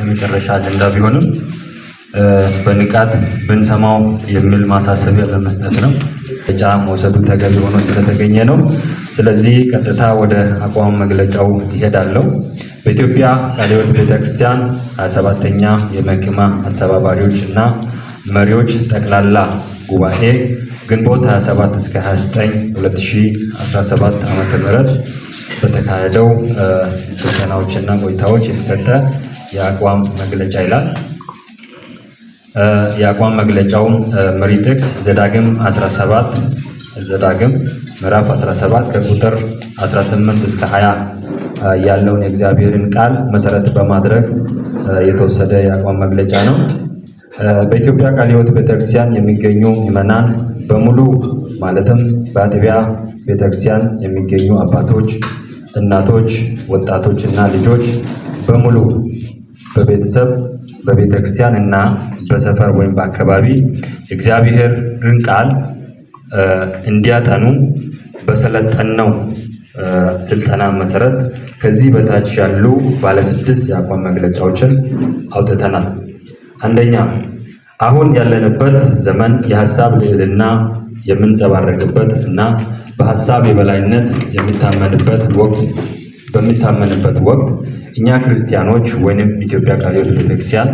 የመጨረሻ አጀንዳ ቢሆንም በንቃት ብንሰማው የሚል ማሳሰቢያ ለመስጠት ነው። ጫ መውሰዱ ተገቢ ሆኖ ስለተገኘ ነው። ስለዚህ ቀጥታ ወደ አቋም መግለጫው ይሄዳለሁ። በኢትዮጵያ ቃለ ሕይወት ቤተክርስቲያን 27ኛ አስተባባሪዎች እና መሪዎች ጠቅላላ ጉባኤ ግንቦት 27 እስከ 29 2017 ዓ.ም በተካሄደው ስልጠናዎችና ቆይታዎች የተሰጠ የአቋም መግለጫ ይላል። የአቋም መግለጫው መሪ ጥቅስ ዘዳግም 17 ዘዳግም ምዕራፍ 17 ከቁጥር 18 እስከ 20 ያለውን የእግዚአብሔርን ቃል መሰረት በማድረግ የተወሰደ የአቋም መግለጫ ነው። በኢትዮጵያ ቃለ ሕይወት ቤተክርስቲያን የሚገኙ ምዕመናን በሙሉ ማለትም በአጥቢያ ቤተክርስቲያን የሚገኙ አባቶች፣ እናቶች፣ ወጣቶች እና ልጆች በሙሉ በቤተሰብ በቤተ ክርስቲያን እና በሰፈር ወይም በአካባቢ የእግዚአብሔርን ቃል እንዲያጠኑ በሰለጠነው ስልጠና መሰረት ከዚህ በታች ያሉ ባለ ስድስት የአቋም መግለጫዎችን አውጥተናል። አንደኛ፣ አሁን ያለንበት ዘመን የሀሳብ ልዕልና የምንጸባረቅበት እና በሀሳብ የበላይነት የሚታመንበት ወቅት በሚታመንበት ወቅት እኛ ክርስቲያኖች ወይንም ኢትዮጵያ ካቶሊክ ቤተክርስቲያን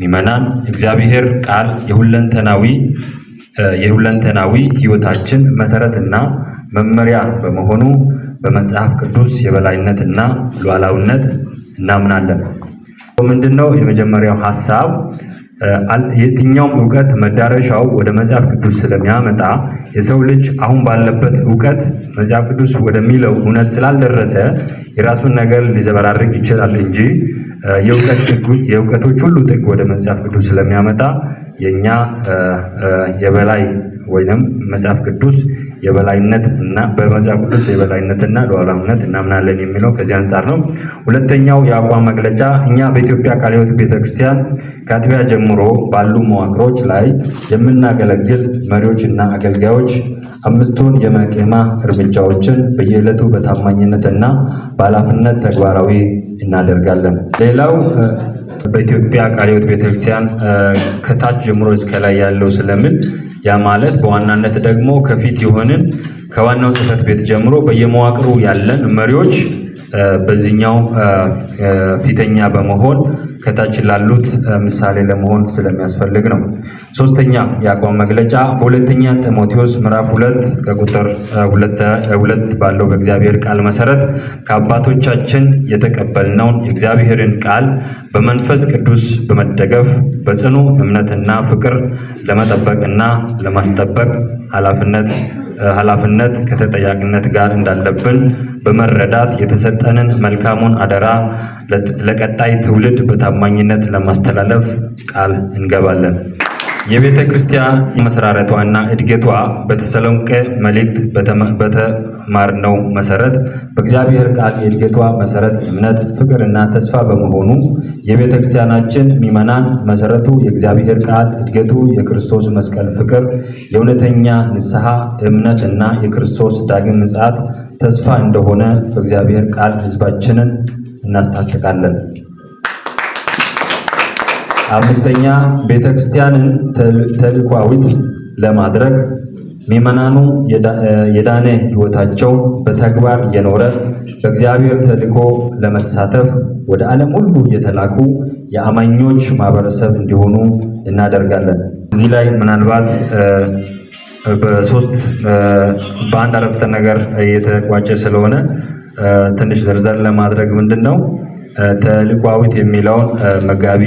ምዕመናን እግዚአብሔር ቃል የሁለንተናዊ የሁለንተናዊ ህይወታችን መሰረትና መመሪያ በመሆኑ በመጽሐፍ ቅዱስ የበላይነትና ሉዓላዊነት እናምናለን። ምንድነው የመጀመሪያው ሐሳብ የትኛውም እውቀት መዳረሻው ወደ መጽሐፍ ቅዱስ ስለሚያመጣ የሰው ልጅ አሁን ባለበት እውቀት መጽሐፍ ቅዱስ ወደሚለው እውነት ስላልደረሰ የራሱን ነገር ሊዘበራርቅ ይችላል እንጂ የእውቀቶች ሁሉ ጥግ ወደ መጽሐፍ ቅዱስ ስለሚያመጣ የእኛ የበላይ ወይንም መጽሐፍ ቅዱስ የበላይነት እና በመጽሐፍ ቅዱስ የበላይነትና ሉዓላዊነት እናምናለን የሚለው ከዚህ አንጻር ነው። ሁለተኛው የአቋም መግለጫ እኛ በኢትዮጵያ ቃለ ሕይወት ቤተክርስቲያን ከአጥቢያ ጀምሮ ባሉ መዋቅሮች ላይ የምናገለግል መሪዎችና አገልጋዮች አምስቱን የመቄማ እርምጃዎችን በየዕለቱ በታማኝነትና በኃላፊነት ተግባራዊ እናደርጋለን። ሌላው በኢትዮጵያ ቃለ ሕይወት ቤተክርስቲያን ከታች ጀምሮ እስከ ላይ ያለው ስለምን ያ ማለት በዋናነት ደግሞ ከፊት የሆንን ከዋናው ጽህፈት ቤት ጀምሮ በየመዋቅሩ ያለን መሪዎች በዚህኛው ፊተኛ በመሆን ከታች ላሉት ምሳሌ ለመሆን ስለሚያስፈልግ ነው። ሶስተኛ የአቋም መግለጫ በሁለተኛ ጢሞቴዎስ ምዕራፍ ሁለት ከቁጥር ሁለት ባለው በእግዚአብሔር ቃል መሰረት ከአባቶቻችን የተቀበልነውን የእግዚአብሔርን ቃል በመንፈስ ቅዱስ በመደገፍ በጽኑ እምነትና ፍቅር ለመጠበቅና ለማስጠበቅ ኃላፊነት ኃላፊነት ከተጠያቂነት ጋር እንዳለብን በመረዳት የተሰጠንን መልካሙን አደራ ለቀጣይ ትውልድ በታማኝነት ለማስተላለፍ ቃል እንገባለን። የቤተ ክርስቲያን መሰራረቷና እድገቷ በተሰሎንቄ መልእክት በተማርነው መሰረት በእግዚአብሔር ቃል የእድገቷ መሰረት እምነት፣ ፍቅርና ተስፋ በመሆኑ የቤተ ክርስቲያናችን ሚመናን መሰረቱ የእግዚአብሔር ቃል፣ እድገቱ የክርስቶስ መስቀል ፍቅር፣ የእውነተኛ ንስሐ እምነትና የክርስቶስ ዳግም ምጽአት ተስፋ እንደሆነ በእግዚአብሔር ቃል ህዝባችንን እናስታጥቃለን። አምስተኛ ቤተ ክርስቲያንን ተልኳዊት ለማድረግ ምዕመናኑ የዳነ ሕይወታቸው በተግባር የኖረ በእግዚአብሔር ተልኮ ለመሳተፍ ወደ ዓለም ሁሉ የተላኩ የአማኞች ማህበረሰብ እንዲሆኑ እናደርጋለን። እዚህ ላይ ምናልባት በሶስት በአንድ አረፍተ ነገር እየተቋጨ ስለሆነ ትንሽ ዘርዘር ለማድረግ ምንድን ነው ተልቋዊት የሚለውን መጋቢ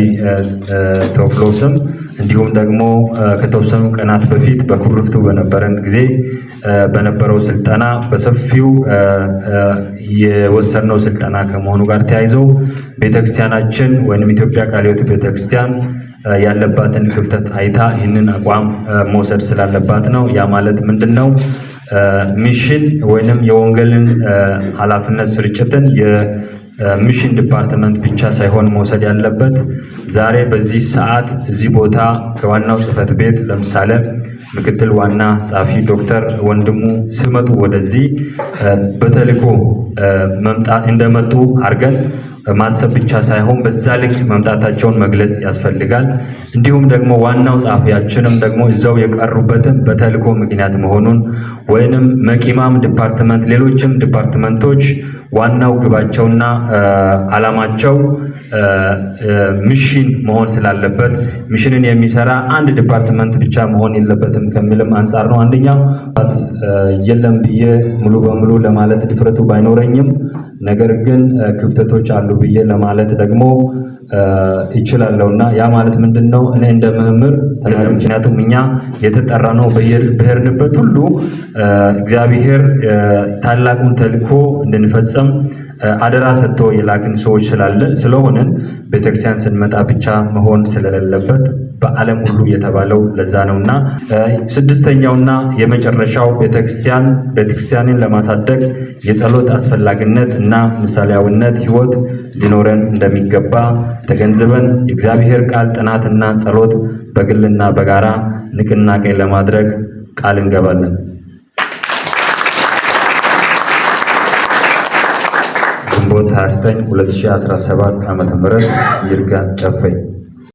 ቴዎፍሎስም እንዲሁም ደግሞ ከተወሰኑ ቀናት በፊት በኩርፍቱ በነበረን ጊዜ በነበረው ስልጠና በሰፊው የወሰድነው ስልጠና ከመሆኑ ጋር ተያይዞ ቤተክርስቲያናችን ወይም ኢትዮጵያ ቃለ ሕይወት ቤተክርስቲያን ያለባትን ክፍተት አይታ ይህንን አቋም መውሰድ ስላለባት ነው። ያ ማለት ምንድን ነው? ሚሽን ወይንም የወንጌልን ኃላፊነት ስርጭትን ሚሽን ዲፓርትመንት ብቻ ሳይሆን መውሰድ ያለበት ዛሬ በዚህ ሰዓት እዚህ ቦታ ከዋናው ጽህፈት ቤት ለምሳሌ ምክትል ዋና ጻፊ ዶክተር ወንድሙ ሲመጡ ወደዚህ በተልእኮ መምጣት እንደመጡ አድርገን ማሰብ ብቻ ሳይሆን በዛ ልክ መምጣታቸውን መግለጽ ያስፈልጋል። እንዲሁም ደግሞ ዋናው ጸሐፊያችንም ደግሞ እዛው የቀሩበትን በተልእኮ ምክንያት መሆኑን ወይንም መቂማም ዲፓርትመንት፣ ሌሎችም ዲፓርትመንቶች ዋናው ግባቸውና አላማቸው ሚሽን መሆን ስላለበት ሚሽንን የሚሰራ አንድ ዲፓርትመንት ብቻ መሆን የለበትም ከሚልም አንጻር ነው። አንደኛው የለም ብዬ ሙሉ በሙሉ ለማለት ድፍረቱ ባይኖረኝም ነገር ግን ክፍተቶች አሉ ብዬ ለማለት ደግሞ ይችላለሁ እና ያ ማለት ምንድን ነው? እኔ እንደ መምህር ምክንያቱም እኛ የተጠራ ነው ብሄርንበት ሁሉ እግዚአብሔር ታላቁን ተልእኮ እንድንፈጸም አደራ ሰጥቶ የላክን ሰዎች ስላለ ስለሆነን ቤተክርስቲያን ስንመጣ ብቻ መሆን ስለሌለበት በዓለም ሁሉ የተባለው ለዛ ነውና። ስድስተኛውና የመጨረሻው ቤተክርስቲያን ቤተክርስቲያንን ለማሳደግ የጸሎት አስፈላጊነት እና ምሳሌያዊነት ህይወት ሊኖረን እንደሚገባ ተገንዝበን የእግዚአብሔር ቃል ጥናትና ጸሎት በግልና በጋራ ንቅናቄ ለማድረግ ቃል እንገባለን። ግንቦት 29 2017 ዓ.ም ይርጋ ጨፈኝ